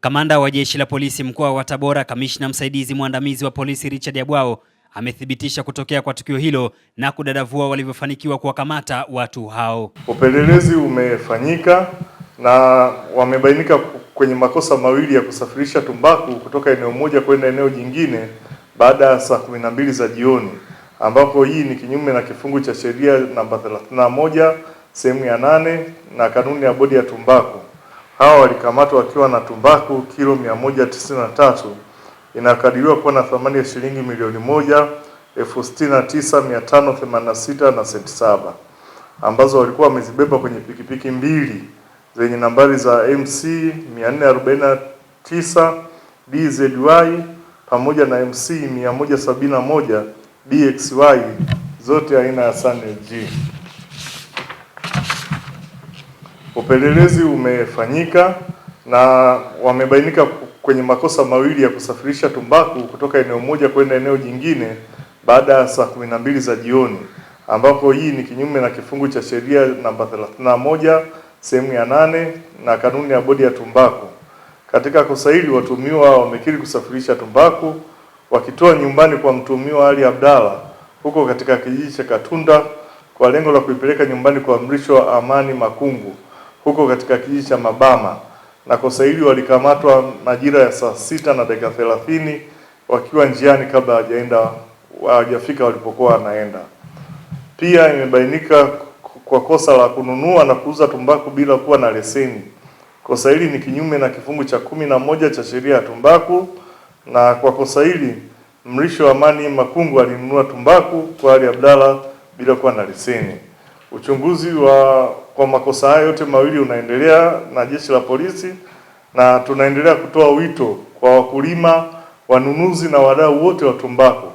Kamanda wa Jeshi la Polisi mkoa wa Tabora, kamishna msaidizi mwandamizi wa polisi Richard Yabwao amethibitisha kutokea kwa tukio hilo na kudadavua walivyofanikiwa kuwakamata watu hao. Upelelezi umefanyika na wamebainika kwenye makosa mawili ya kusafirisha tumbaku kutoka eneo moja kwenda eneo jingine baada ya saa kumi na mbili za jioni, ambapo hii ni kinyume na kifungu cha sheria namba 31 sehemu ya nane na kanuni ya bodi ya tumbaku Hawa walikamatwa wakiwa na tumbaku kilo tatu inakadiriwa kuwa na thamani ya shilingi milioni moja elfu sitini na tisa mia tano themanini na sita na senti saba ambazo walikuwa wamezibeba kwenye pikipiki mbili zenye nambari za MC 449 DZY pamoja na MC 171 DXY zote aina ya Sanel G. Upelelezi umefanyika na wamebainika kwenye makosa mawili ya kusafirisha tumbaku kutoka eneo moja kwenda eneo jingine baada ya saa kumi na mbili za jioni, ambapo hii ni kinyume na kifungu cha sheria namba 31 sehemu ya nane na kanuni ya bodi ya tumbaku. Katika kosa hili watuhumiwa wamekiri kusafirisha tumbaku wakitoa nyumbani kwa mtuhumiwa Ali Abdalla huko katika kijiji cha Katunda kwa lengo la kuipeleka nyumbani kwa mrisho wa Amani Makungu huko katika kijiji cha Mabama, na kosa hili walikamatwa majira ya saa sita na dakika thelathini wakiwa njiani kabla hawajaenda hawajafika walipokuwa wanaenda. Pia imebainika kwa kosa la kununua na kuuza tumbaku bila kuwa na leseni. Kosa hili ni kinyume na kifungu cha kumi na moja cha sheria ya tumbaku, na kwa kosa hili Mrisho Amani Makungu alinunua tumbaku kwa Ali Abdalla bila kuwa na leseni. Uchunguzi wa kwa makosa hayo yote mawili unaendelea na jeshi la polisi, na tunaendelea kutoa wito kwa wakulima, wanunuzi na wadau wote wa tumbaku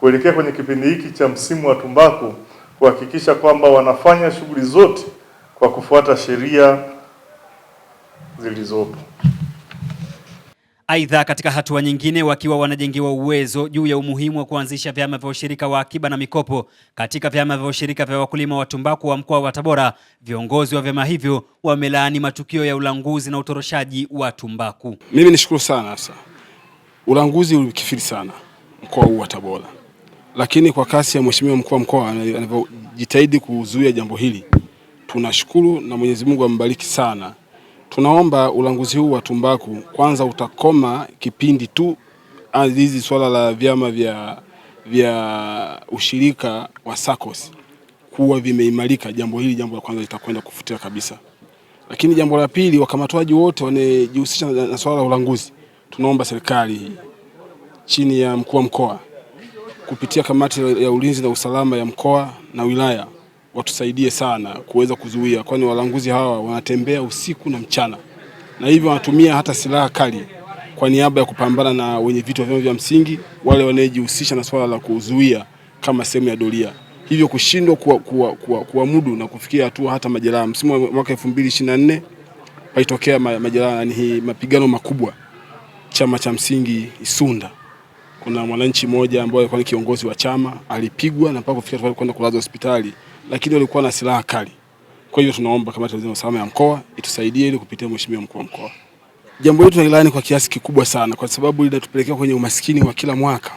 kuelekea kwenye kipindi hiki cha msimu wa tumbaku kuhakikisha kwamba wanafanya shughuli zote kwa kufuata sheria zilizopo. Aidha, katika hatua nyingine, wakiwa wanajengewa uwezo juu ya umuhimu wa kuanzisha vyama vya ushirika wa akiba na mikopo katika vyama vya ushirika vya wakulima wa tumbaku wa mkoa wa Tabora, viongozi wa vyama hivyo wamelaani matukio ya ulanguzi na utoroshaji wa tumbaku. Mimi nishukuru sana, sasa ulanguzi ulikifiri sana mkoa huu wa Tabora, lakini kwa kasi ya mheshimiwa mkuu wa mkoa anavyojitahidi kuzuia jambo hili tunashukuru na Mwenyezi Mungu ambariki sana. Tunaomba ulanguzi huu wa tumbaku kwanza utakoma kipindi tu hizi swala la vyama vya, vya ushirika wa SACCOS kuwa vimeimarika. Jambo hili jambo la kwanza litakwenda kufutia kabisa, lakini jambo la pili, wakamatwaji wote wanajihusisha na swala la ulanguzi, tunaomba serikali chini ya mkuu wa mkoa kupitia kamati ya ulinzi na usalama ya mkoa na wilaya watusaidie sana kuweza kuzuia, kwani walanguzi hawa wanatembea usiku na mchana, na hivyo wanatumia hata silaha kali kwa niaba ya kupambana na wenye vitu vyao vya msingi, wale wanaojihusisha na swala la kuzuia kama sehemu ya doria, hivyo kushindwa kuwamudu kuwa, kuwa, kuwa na kufikia hatua hata majeraha. Msimu wa mwaka 2024 palitokea majeraha ni mapigano makubwa chama cha msingi Isunda. Kuna mwananchi mmoja ambaye alikuwa ni kiongozi wa chama alipigwa na mpaka kufikia kwenda kulazwa hospitali lakini walikuwa na silaha kali. Kwa hiyo tunaomba kamati ya ulinzi usalama ya mkoa itusaidie ili kupitia mheshimiwa mkuu wa mkoa. Jambo hili tunalilani kwa kiasi kikubwa sana, kwa sababu linatupelekea kwenye umaskini wa kila mwaka,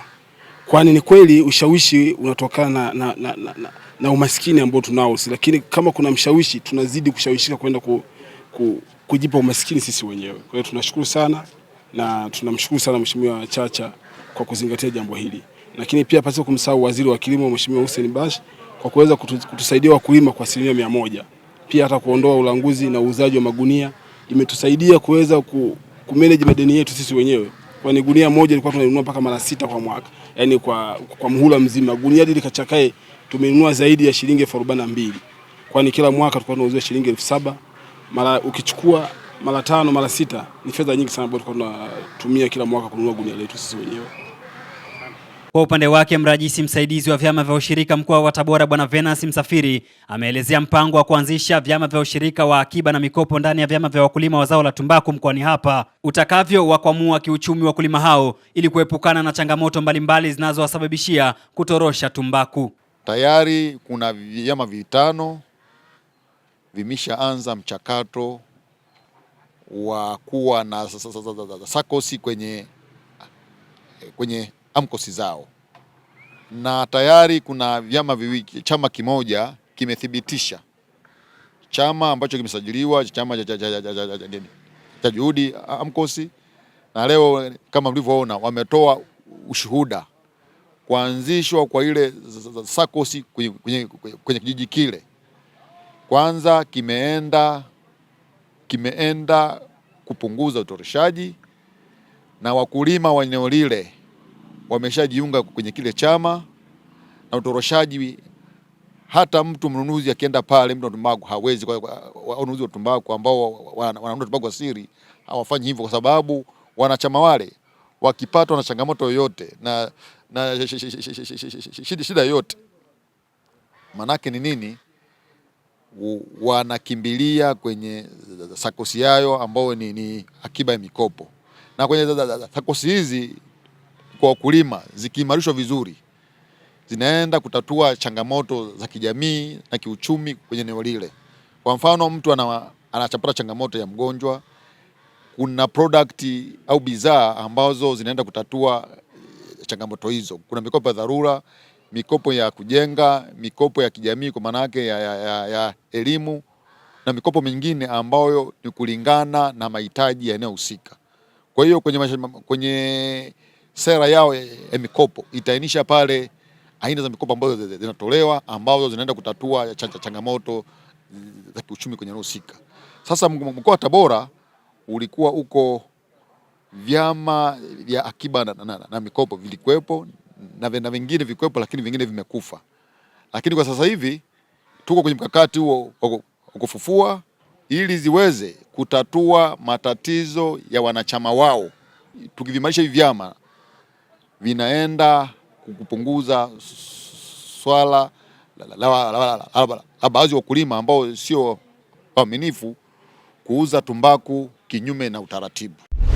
kwani ni kweli ushawishi unatokana na, na, na, na, na na umaskini ambao tunao, lakini kama kuna mshawishi tunazidi kushawishika kwenda ku, ku, kujipa umaskini sisi wenyewe. Kwa hiyo tunashukuru sana na tunamshukuru sana mheshimiwa Chacha kwa kuzingatia jambo hili, lakini pia pasipo kumsahau waziri wa kilimo Mheshimiwa Hussein Bash kwa kuweza kutusaidia wakulima kwa asilimia mia moja. Pia hata kuondoa ulanguzi na uuzaji wa magunia imetusaidia kuweza ku, manage madeni yetu sisi wenyewe, kwani gunia moja ilikuwa tunainunua mpaka mara sita kwa mwaka, yani kwa, kwa mhula mzima gunia hili likachakae tumenunua zaidi ya shilingi elfu arobaini na mbili kwani kila mwaka tulikuwa tunauzia shilingi elfu saba mara ukichukua mara tano mara sita ni fedha nyingi sana ambayo tulikuwa tunatumia kila mwaka kununua gunia letu sisi wenyewe. Kwa upande wake mrajisi msaidizi wa vyama vya ushirika mkoa wa Tabora Bwana Venance Msafiri ameelezea mpango wa kuanzisha vyama vya ushirika wa akiba na mikopo ndani ya vyama vya wakulima wa zao la tumbaku mkoani hapa utakavyowakwamua kiuchumi wakulima hao ili kuepukana na changamoto mbalimbali zinazowasababishia kutorosha tumbaku. Tayari kuna vyama vitano vimeshaanza mchakato wa kuwa na sakosi kwenye kwenye amkosi zao, na tayari kuna vyama viwili, chama kimoja kimethibitisha, chama ambacho kimesajiliwa, chama cha Juhudi amkosi, na leo kama mlivyoona wametoa ushuhuda kuanzishwa kwa ile sakosi kwenye kijiji kile. Kwanza kimeenda kimeenda kupunguza utoreshaji na wakulima wa eneo lile wameshajiunga kwenye kile chama na utoroshaji. Hata mtu mnunuzi akienda pale, mtu tumbaku hawezi, wanunuzi wa tumbaku ambao wananunua tumbaku wa siri hawafanyi hivyo, kwa sababu wanachama wale wakipatwa na changamoto yoyote na na shida yoyote, manake ni nini? Wanakimbilia kwenye sakosi yayo ambayo ni, ni akiba ya mikopo na kwenye sakosi hizi kwa wakulima zikiimarishwa vizuri zinaenda kutatua changamoto za kijamii na kiuchumi kwenye eneo lile. Kwa mfano, mtu anachapata changamoto ya mgonjwa, kuna product au bidhaa ambazo zinaenda kutatua eh, changamoto hizo. Kuna mikopo ya dharura, mikopo ya kujenga, mikopo ya kijamii kwa maana yake ya, ya, ya, ya elimu na mikopo mingine ambayo ni kulingana na mahitaji ya eneo husika. Kwa hiyo kwenye, kwenye sera yao ya mikopo itaainisha pale aina za mikopo ambazo zinatolewa ambazo zinaenda kutatua changamoto za kiuchumi kwenye eneo husika. Sasa mkoa wa Tabora ulikuwa uko vyama vya akiba na, na, na mikopo vilikuwepo na, na vingine vikuwepo, lakini vingine vimekufa. Lakini kwa sasa hivi tuko kwenye mkakati huo kufufua ili ziweze kutatua matatizo ya wanachama wao. Tukivimarisha hivi vyama vinaenda kupunguza swala la baadhi ya wakulima ambao sio waaminifu kuuza tumbaku kinyume na utaratibu.